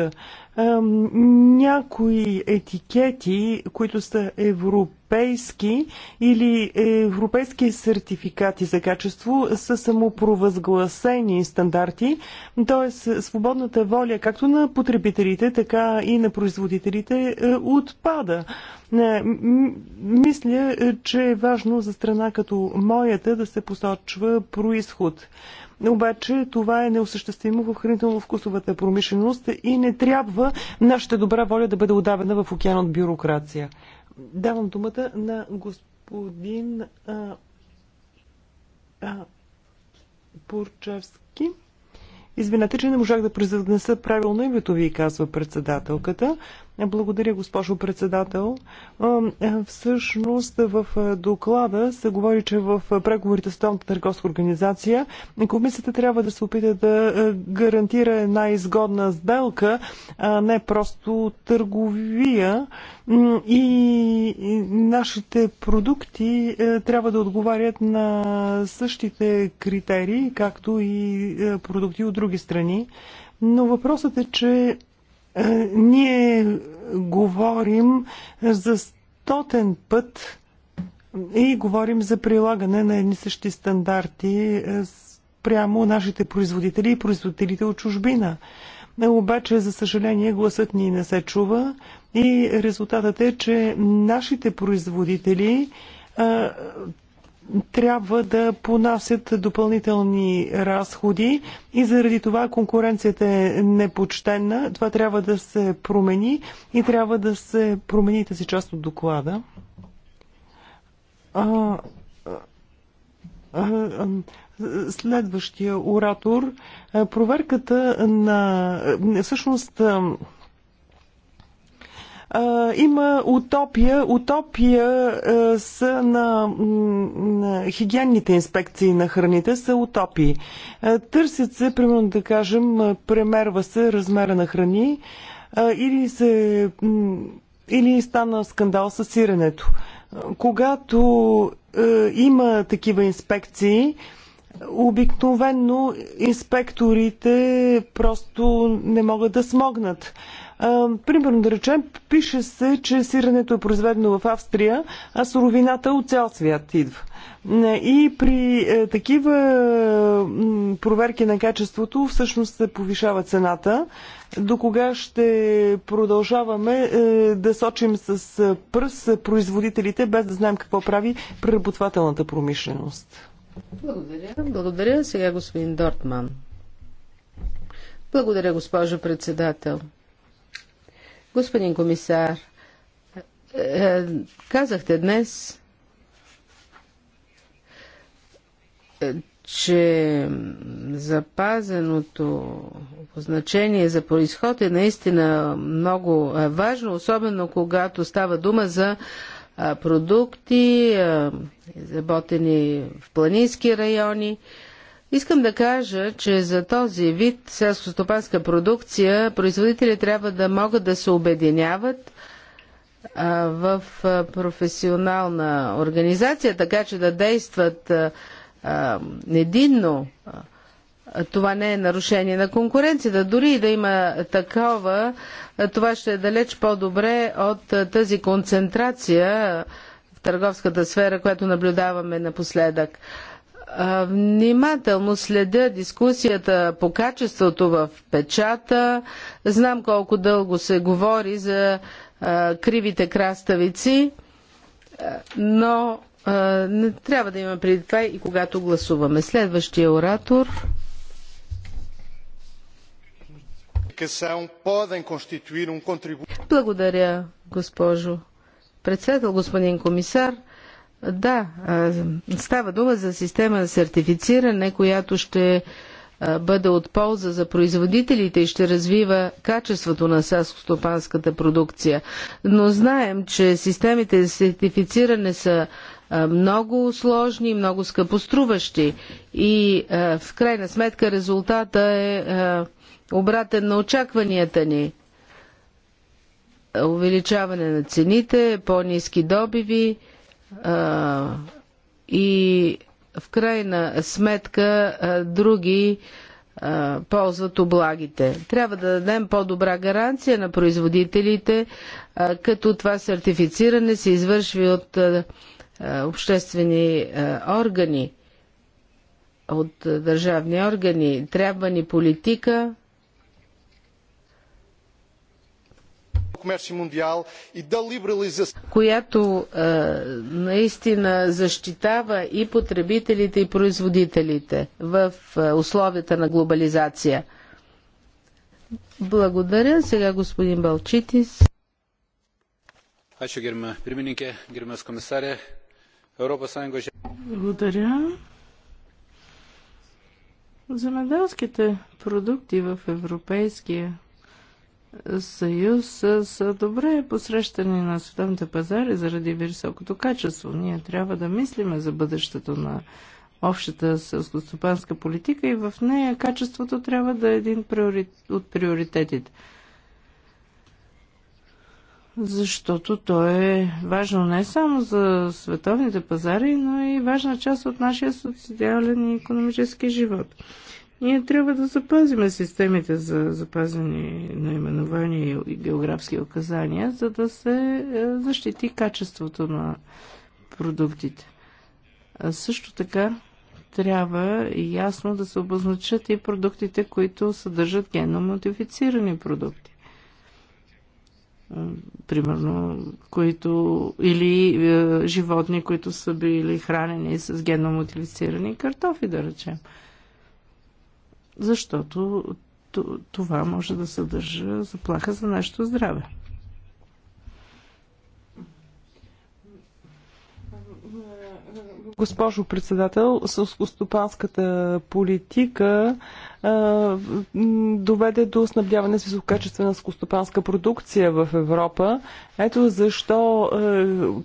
някои етикети, които са европейски или европейски сертификати за качество, са самопровъзгласени стандарти, т.е. свободната воля както на потребителите, така и на производителите е, отпада. Е, мисля, е, че е важно за страна като моята да се посочва происход. Обаче това е неосъществимо в хранително-вкусовата промишленост и не трябва нашата добра воля да бъде отдавена в океан от бюрокрация. Давам думата на господин а, а, Пурчевски. Извинете, че не можах да произнеса правилно името ви, казва председателката. Благодаря, госпожо председател. Всъщност в доклада се говори, че в преговорите с Тонната търговска организация комисията трябва да се опита да гарантира една изгодна сделка, а не просто търговия. И нашите продукти трябва да отговарят на същите критерии, както и продукти от други страни. Но въпросът е, че ние говорим за стотен път и говорим за прилагане на едни същи стандарти е, прямо нашите производители и производителите от чужбина. Обаче, за съжаление, гласът ни не се чува и резултатът е, че нашите производители е, трябва да понасят допълнителни разходи и заради това конкуренцията е непочтена. Това трябва да се промени и трябва да се промени тази част от доклада. А, а, следващия оратор. Проверката на... Всъщност, а, има утопия. Утопия а, са на, на хигиенните инспекции на храните са утопии. А, търсят се, примерно да кажем, премерва се размера на храни а, или се или стана скандал с сиренето. Когато има такива инспекции, Обикновенно инспекторите просто не могат да смогнат. Примерно да речем, пише се, че сирането е произведено в Австрия, а суровината от цял свят идва. И при е, такива проверки на качеството всъщност се повишава цената. До кога ще продължаваме е, да сочим с е, пръст производителите, без да знаем какво прави преработвателната промишленост? Благодаря. Благодаря. Сега господин Дортман. Благодаря, госпожо председател. Господин комисар, е, е, казахте днес, е, че запазеното значение за происход е наистина много важно, особено когато става дума за продукти, изработени в планински райони. Искам да кажа, че за този вид селско-стопанска продукция производители трябва да могат да се обединяват в професионална организация, така че да действат единно това не е нарушение на конкуренцията. Дори и да има такова, това ще е далеч по-добре от тази концентрация в търговската сфера, която наблюдаваме напоследък. Внимателно следя дискусията по качеството в печата. Знам колко дълго се говори за кривите краставици, но не трябва да има преди това и когато гласуваме. Следващия оратор. Um Благодаря, госпожо председател, господин комисар. Да, става дума за система на сертифициране, която ще бъде от полза за производителите и ще развива качеството на селскостопанската продукция. Но знаем, че системите за сертифициране са много сложни, много скъпоструващи и в крайна сметка резултата е обратен на очакванията ни. Увеличаване на цените, по-низки добиви а, и в крайна сметка а, други а, ползват облагите. Трябва да дадем по-добра гаранция на производителите, а, като това сертифициране се извършва от а, обществени а, органи, от а, държавни органи. Трябва ни политика comércio mundial Която е, наистина защитава и потребителите и производителите в е, условията на глобализация. Благодаря. Сега господин Балчитис. Благодаря. Земеделските продукти в Европейския съюз с добре посрещани на световните пазари заради високото качество. Ние трябва да мислиме за бъдещето на общата селскостопанска политика и в нея качеството трябва да е един от приоритетите. Защото то е важно не само за световните пазари, но и важна част от нашия социален и економически живот. Ние трябва да запазиме системите за запазени наименования и географски указания, за да се е, защити качеството на продуктите. А също така трябва ясно да се обозначат и продуктите, които съдържат генно модифицирани продукти е, примерно, които или е, животни, които са били хранени с генно модифицирани картофи, да речем защото това може да съдържа заплаха за нашето здраве. Госпожо председател, селскостопанската политика доведе до снабдяване с висококачествена скостопанска продукция в Европа. Ето защо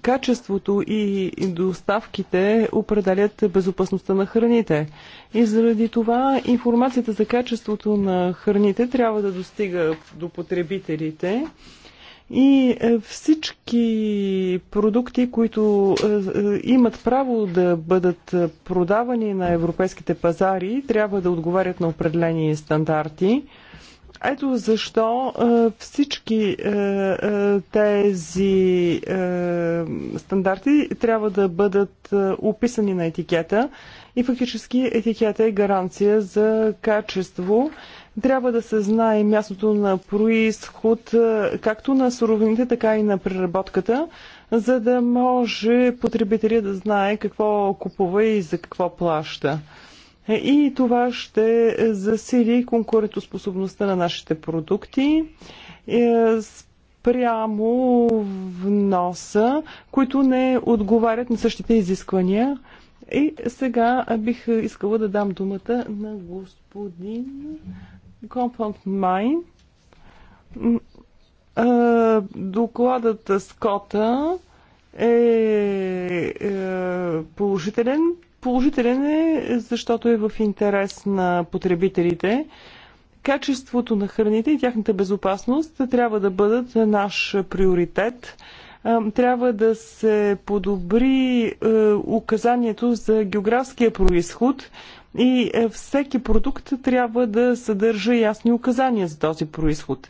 качеството и доставките определят безопасността на храните. И заради това информацията за качеството на храните трябва да достига до потребителите и е, всички продукти, които е, е, имат право да бъдат продавани на европейските пазари, трябва да отговарят на определени стандарти. Ето защо всички тези стандарти трябва да бъдат описани на етикета и фактически етикета е гаранция за качество трябва да се знае мястото на происход, е, както на суровините, така и на преработката, за да може потребителя да знае какво купува и за какво плаща. Е, и това ще засили конкурентоспособността на нашите продукти е, прямо в носа, които не отговарят на същите изисквания. И сега бих искала да дам думата на господин Компонт Майн. Докладът Скота е, е положителен. Положителен е, защото е в интерес на потребителите. Качеството на храните и тяхната безопасност трябва да бъдат наш приоритет трябва да се подобри е, указанието за географския происход и е, всеки продукт трябва да съдържа ясни указания за този происход.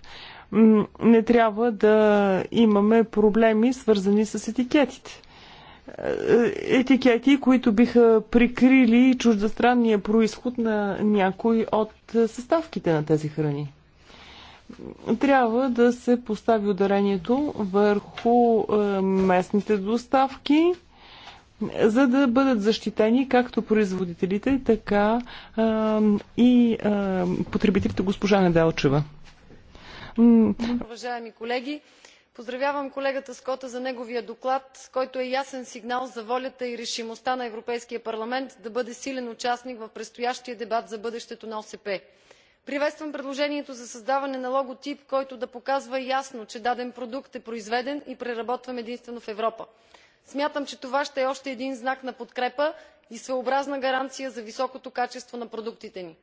Не трябва да имаме проблеми, свързани с етикетите е, е, етикети, които биха прикрили чуждестранния происход на някой от съставките на тези храни. Трябва да се постави ударението върху местните доставки за да бъдат защитени както производителите, така а, и а, потребителите госпожа Неделчева. Уважаеми колеги, поздравявам колегата Скота за неговия доклад, който е ясен сигнал за волята и решимостта на Европейския парламент да бъде силен участник в предстоящия дебат за бъдещето на ОСП. Приветствам предложението за създаване на логотип, който да показва ясно, че даден продукт е произведен и преработван единствено в Европа смятам че това ще е още един знак на подкрепа и своеобразна гаранция за високото качество на продуктите ни.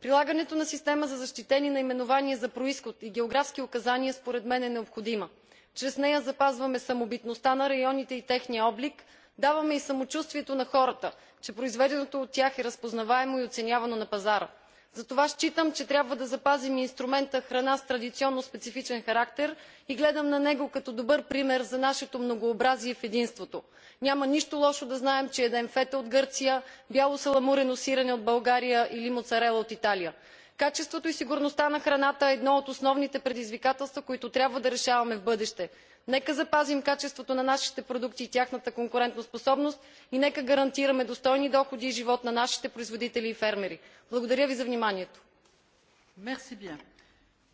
прилагането на система за защитени наименования за произход и географски указания според мен е необходима. чрез нея запазваме самобитността на районите и техния облик даваме и самочувствието на хората че произведеното от тях е разпознаваемо и оценявано на пазара затова считам че трябва да запазим инструмента храна с традиционно специфичен характер и гледам на него като добър пример за нашето многообразие в единството. няма нищо лошо да знаем че ядем фета от гърция бяло саламурено сирене от българия или моцарела от италия. качеството и сигурността на храната е едно от основните предизвикателства които трябва да решаваме в бъдеще нека запазим качеството на нашите продукти и тяхната конкурентоспособност и нека гарантираме достойни доходи и живот на нашите производители и фермери. благодаря ви за вниманието.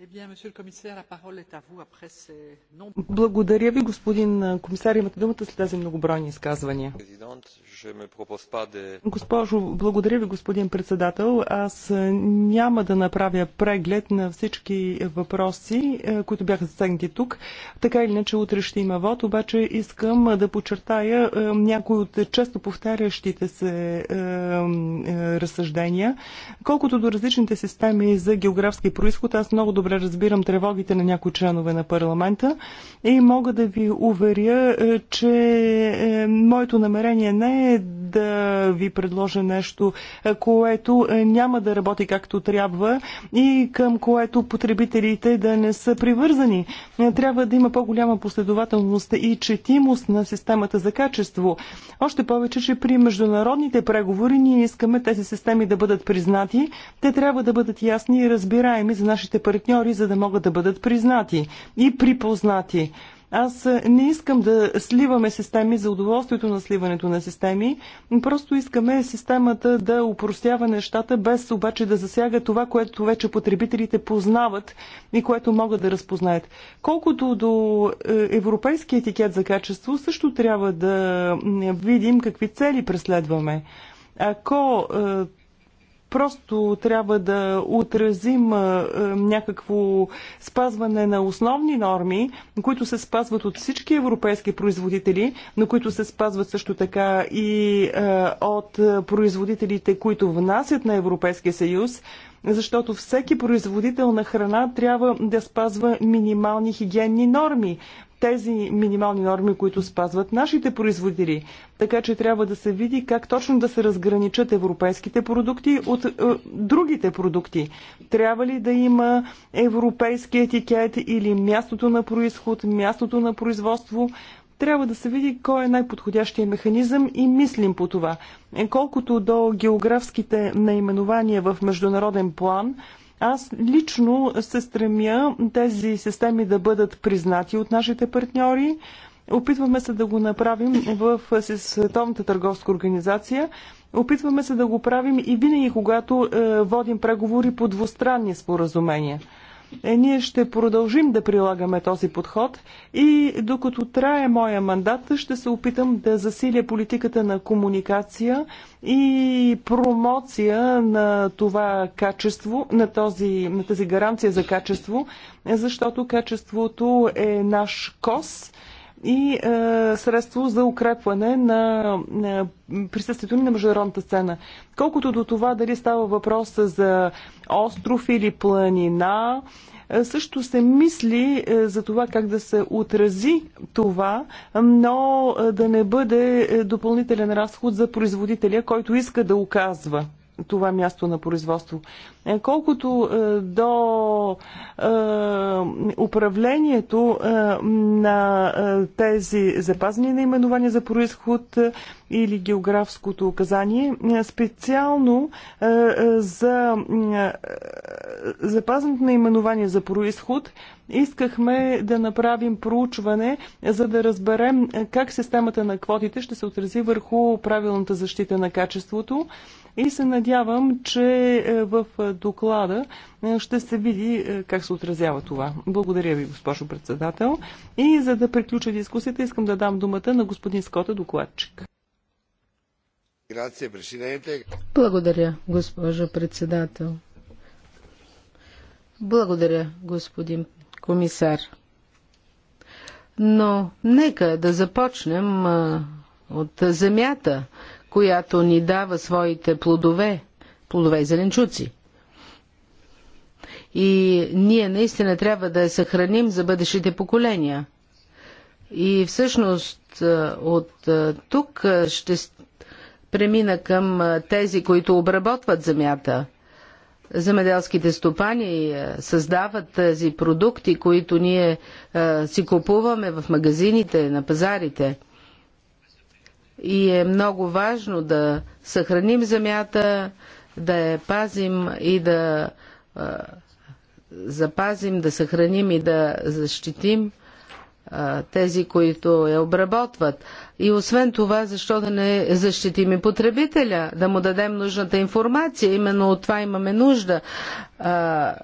Eh благодаря ви, господин комисар. Имате думата след тези многобройни изказвания. Госпожо, благодаря ви, господин председател. Аз няма да направя преглед на всички въпроси, които бяха засегнати тук. Така или иначе, утре ще има вод, обаче искам да подчертая някои от често повтарящите се разсъждения. Колкото до различните системи за географски происход, аз много добре добре разбирам тревогите на някои членове на парламента и мога да ви уверя, е, че е, моето намерение не е да ви предложа нещо, е, което е, няма да работи както трябва и към което потребителите да не са привързани. Е, трябва да има по-голяма последователност и четимост на системата за качество. Още повече, че при международните преговори ние искаме тези системи да бъдат признати. Те трябва да бъдат ясни и разбираеми за нашите партньори, за да могат да бъдат признати и припознати. Аз не искам да сливаме системи за удоволствието на сливането на системи. Просто искаме системата да упростява нещата, без обаче да засяга това, което вече потребителите познават и което могат да разпознаят. Колкото до е, европейски етикет за качество, също трябва да видим какви цели преследваме. Ако е, Просто трябва да отразим някакво спазване на основни норми, които се спазват от всички европейски производители, но които се спазват също така и от производителите, които внасят на Европейския съюз защото всеки производител на храна трябва да спазва минимални хигиенни норми тези минимални норми, които спазват нашите производители. Така че трябва да се види как точно да се разграничат европейските продукти от е, другите продукти. Трябва ли да има европейски етикет или мястото на происход, мястото на производство? трябва да се види кой е най-подходящия механизъм и мислим по това. Е, колкото до географските наименования в международен план, аз лично се стремя тези системи да бъдат признати от нашите партньори. Опитваме се да го направим в Световната търговска организация. Опитваме се да го правим и винаги, когато е, водим преговори по двустранни споразумения. Е, ние ще продължим да прилагаме този подход и докато трае моя мандат, ще се опитам да засиля политиката на комуникация и промоция на това качество, на, този, на тази гаранция за качество, защото качеството е наш кос – и е, средство за укрепване на е, присъствието ни на международната сцена. Колкото до това дали става въпрос за остров или планина, е, също се мисли за това как да се отрази това, но да не бъде допълнителен разход за производителя, който иска да оказва това място на производство. Е, колкото е, до е, управлението на тези запазени наименования за происход или географското указание, специално за запазването на именование за происход искахме да направим проучване, за да разберем как системата на квотите ще се отрази върху правилната защита на качеството. И се надявам, че е, в доклада е, ще се види е, как се отразява това. Благодаря ви, госпожо председател. И за да приключа дискусията, искам да дам думата на господин Скота, докладчик. Благодаря, госпожо председател. Благодаря, господин комисар. Но нека да започнем а, от земята, която ни дава своите плодове, плодове и зеленчуци. И ние наистина трябва да я съхраним за бъдещите поколения. И всъщност от тук ще премина към тези, които обработват земята – земеделските стопани е, създават тези продукти, които ние е, си купуваме в магазините, на пазарите. И е много важно да съхраним земята, да я пазим и да е, запазим, да съхраним и да защитим тези, които я обработват. И освен това, защо да не защитим и потребителя, да му дадем нужната информация. Именно от това имаме нужда. А,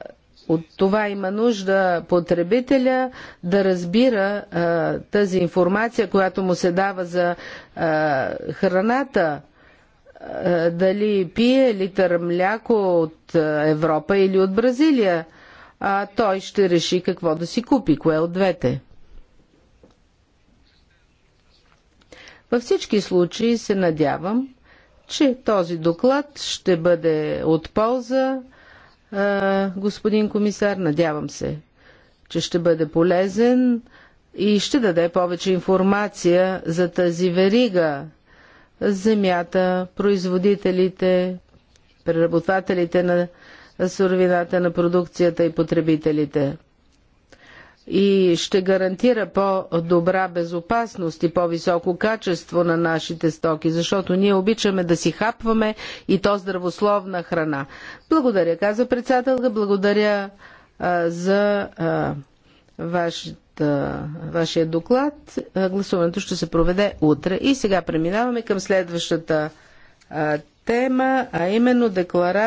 от това има нужда потребителя да разбира а, тази информация, която му се дава за а, храната, а, дали пие литър мляко от Европа или от Бразилия. А той ще реши какво да си купи, кое от двете. Във всички случаи се надявам, че този доклад ще бъде от полза, господин комисар. Надявам се, че ще бъде полезен и ще даде повече информация за тази верига. Земята, производителите, преработвателите на суровината на продукцията и потребителите и ще гарантира по-добра безопасност и по-високо качество на нашите стоки, защото ние обичаме да си хапваме и то здравословна храна. Благодаря, каза председателка, благодаря а, за а, вашата, вашия доклад. гласуването ще се проведе утре. И сега преминаваме към следващата а, тема, а именно декларация.